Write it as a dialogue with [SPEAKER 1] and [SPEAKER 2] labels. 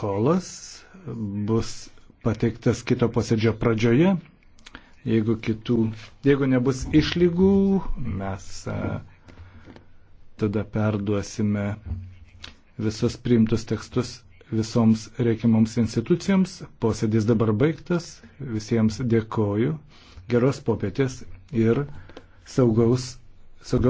[SPEAKER 1] protokolas bus pateiktas kito posėdžio pradžioje. Jeigu, kitų, jeigu nebus išlygų, mes tada perduosime visus priimtus tekstus visoms reikiamoms institucijoms. Posėdis dabar baigtas. Visiems dėkoju. Geros popietės ir saugaus. saugaus